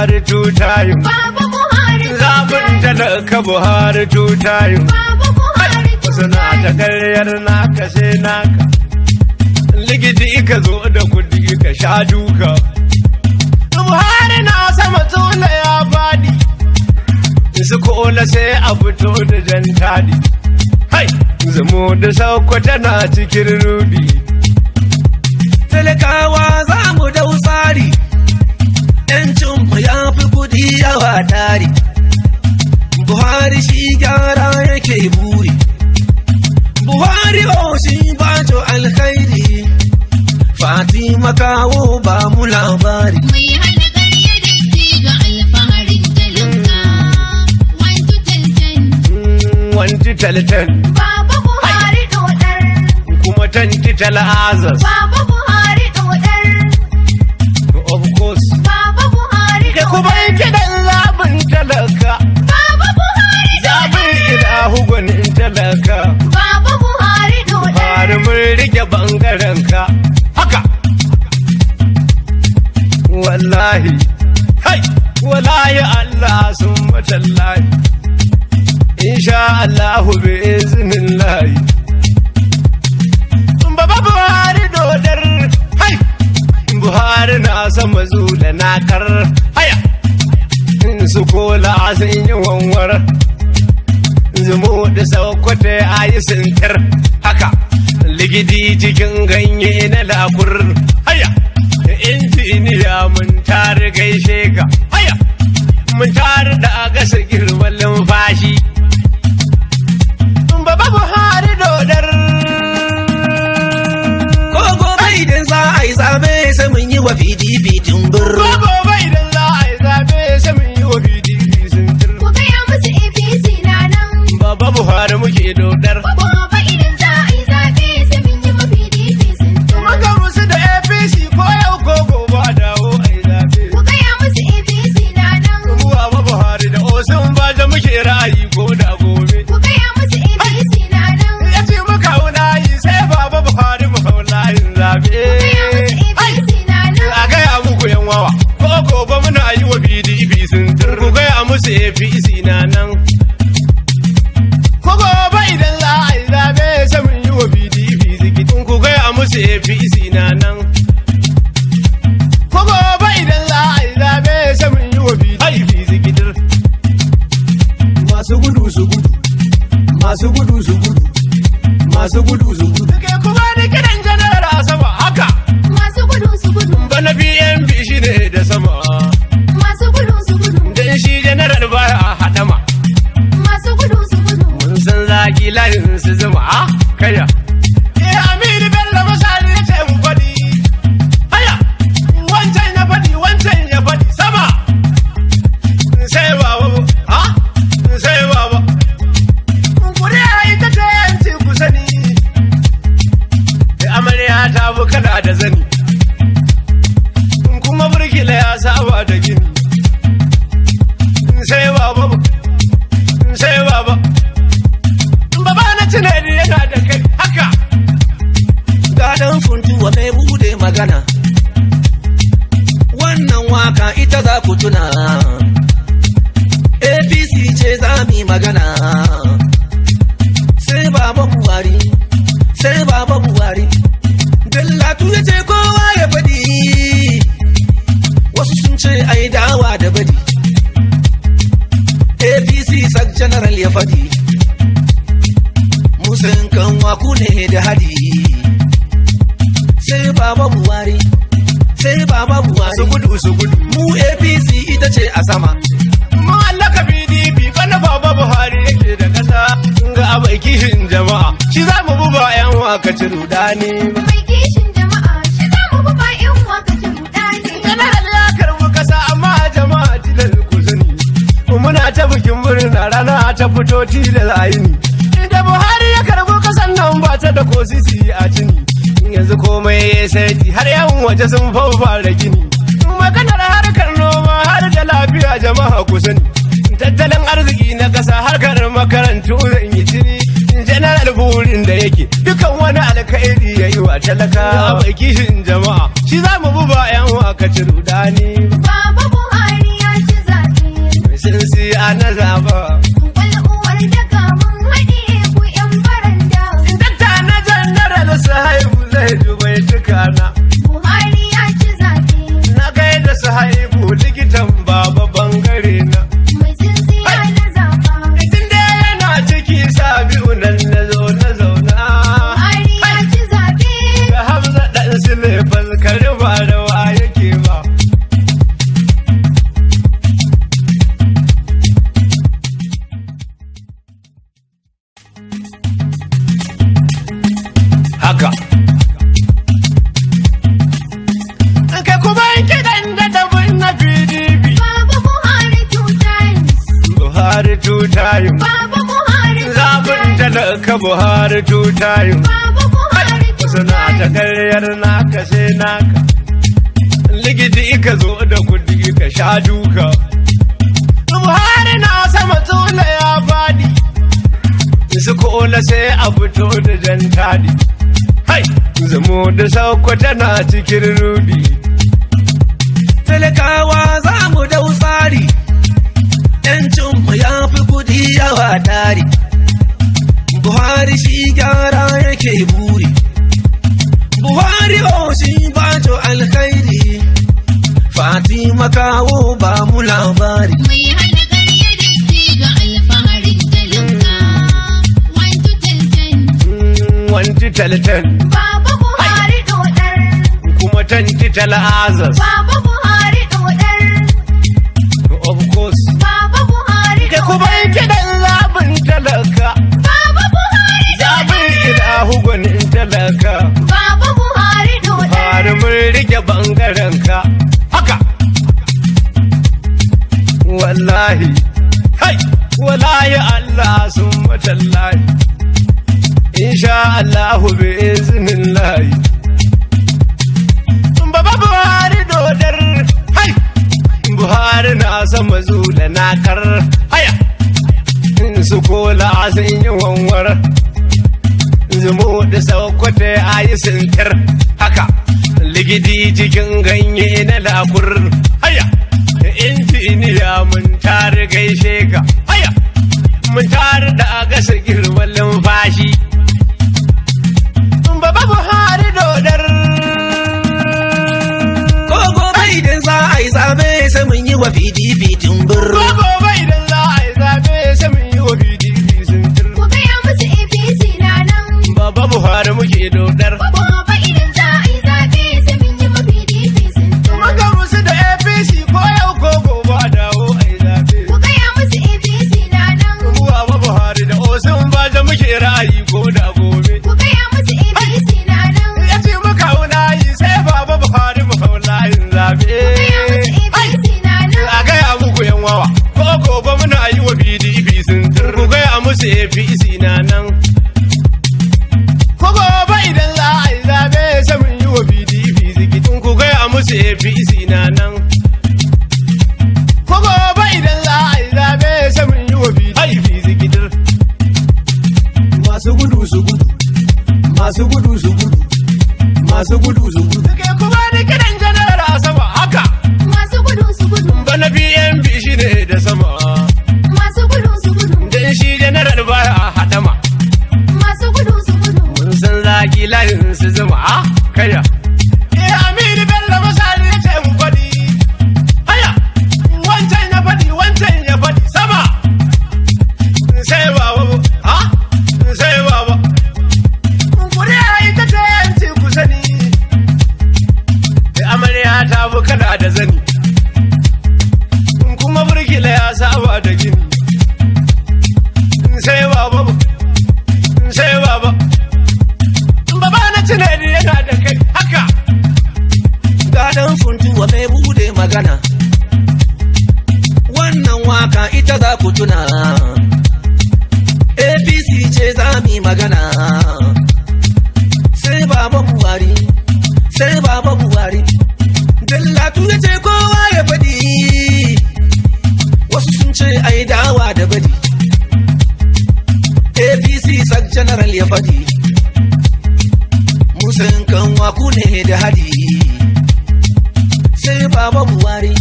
Buhari tutayu time. Baba Buhari Zaɓin ka Buhari two time. Baba Buhari two time. Suna ta karyar naka sai naka. Likiti ka zo da kudi ka sha duka. Buhari na sama tula ya faɗi. su kola sai a fito da jan tadi hai zamo da sauko tana cikin rubi talakawa za mu dau tsari yancin mu ya fi kudi yawa tari buhari shi gyara yake buri buhari o shi bajo alkhairi fatima kawo ba mu labari Wanti talten mm, Baba Buhari dodar Kuma tanti talazas Baba Buhari ku bar kiɗan zaɓin talaka. Baba Buhari zaɓin ilahu gwanin talaka. Baba Buhari dole. Bari mun rike bangarenka. Haka. Wallahi. Hai. Wallahi Allah sun matallahi. Insha Allah bi izinin layi. Baba Buhari dodar buhari na sama zula na kar haya in su kola sun yi wanwar zumu da saukwata a yi sintir haka ligidi cikin ganye na lakur haya injiniya mun tare gaishe ka haya mun tare da gasa girman lumfashi baba buhari dodar a vida e pedindo isa ya fi isi nan ko gobe idan za a yi zaɓe sai mun yi wa pdp zikitin ku gaya musu ya fi isi na nan ko gobe idan za a yi zaɓe sai mun yi wa pdp zikitin masu gudu su gudu masu gudu su gudu masu gudu gilan su zuma a ah, kaya eh, aminu bello masani ya ce mu faɗi wancan ya faɗi baba ah, baba eh, amarya ta da zani kuma ya saba da gini sai baba sai baba mutuwa mai bude magana wannan waka ita za ku tuna apc ce za mu magana sai baba buhari sai baba buhari dallatu ya ce kowa ya faɗi wasu sun ce ai dawa da badi apc sak general ya faɗi kan kanwa ku ne da hadi sukut mu apc ita ce a sama mallaka pdp bana baba buhari yake da kasa ga abai kishin jama'a shi za mu buba yan waka ci rudani Muna ta bikin murna rana ta fito da layini. Da Buhari ya karbo kasan nan ba ta da kosisi a jini. yanzu komai ya saiti har yawan waje sun fara gini maganar harkar noma har da lafiya jama'a ku tattalin arziki na kasa harkar makarantu zan yi cini general burin da yake dukan wani alƙa'iri ya yi wa talaka mai kishin jama'a shi za mu bi ba waka ci rudani baba buhari ya ci zafi sun siya na zaba tutayin Baba Buhari Zaɓin talaka Buhari tutayin Buhari Suna ta karyar naka sai naka Ligidi ka zo da kudi ka sha duka Buhari na sama tula ya fadi su kola sai a fito da jan tadi hai zamo da sauko tana cikin rudi talakawa za mu dau tsari 'yancin mu ya fi kudi yawa tari buhari shi gyara yake buri buhari o shi bato alkhairi fatima kawo ba mu labari mm, Baba Buhari dodar. Kuma Baba Buhari ku kiɗan zaɓin talaka. Baba Buhari gwanin talaka. Baba Buhari mun rike bangaren ka. Haka. Wallahi. Hai. Wallahi Allah sun matallahi. Insha bi layi. Baba Buhari dodar buhari na sama zula na kar haya in su kola sun yi wanwar zumo da saukwata a yi haka ligidi cikin ganye na lakur haya injiniya mun tare gaishe ka haya mun tare da agasa girman lumfashi baba buhari dodar yi wa fidi fidin birnin ko gobe idan za a yi zaɓe yi wa pdp zikitin ku gaya musu fi izina nan ko gobe idan za a yi zaɓe yi wa pdp zikitin masu gudu su gudu masu gudu su gudu su gudu gilan su zuma ah, kaya ce za mu magana sai baba buhari sai baba buhari dallatu ya ce kowa ya faɗi wasu sun ce ai dawa da badi apc sak general ya faɗi musan kanwa ku ne da hadi sai baba buhari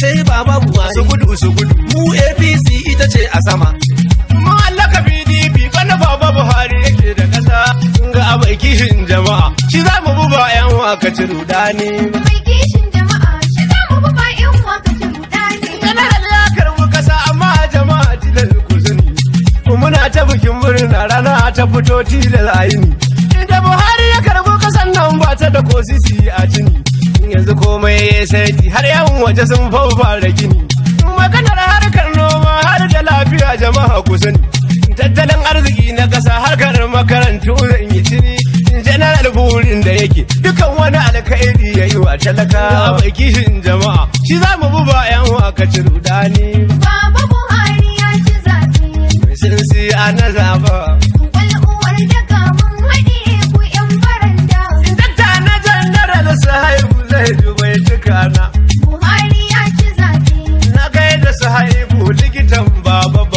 sai baba buhari su gudu su gudu mu apc ita ce a sama kishin jama'a shi za mu buga yan waka ci mai kishin jama'a shi za mu buga yan waka ci rudani kana halakar mu kasa amma jama'a tilal ku sani ku muna ta bikin murna rana ta fito tilal Inda Buhari ya karbo kasan nan ba ta da kosisi a jini yanzu komai ya sarki har yan waje sun fara gini maganar harkar noma har da lafiya jama'a ku sani tattalin arziki na ƙasa harkar makarantu zan yi cini general burin da yake dukan wani alkhairi ya yi wa talaka mai kishin jama'a shi za mu bi bayan waka ci rudani baba buhari ya ci zafi mai sinsi a na zaba yan baranda dakta na zai dubai na. buhari ya ci zafi na kai da haihu likitan baba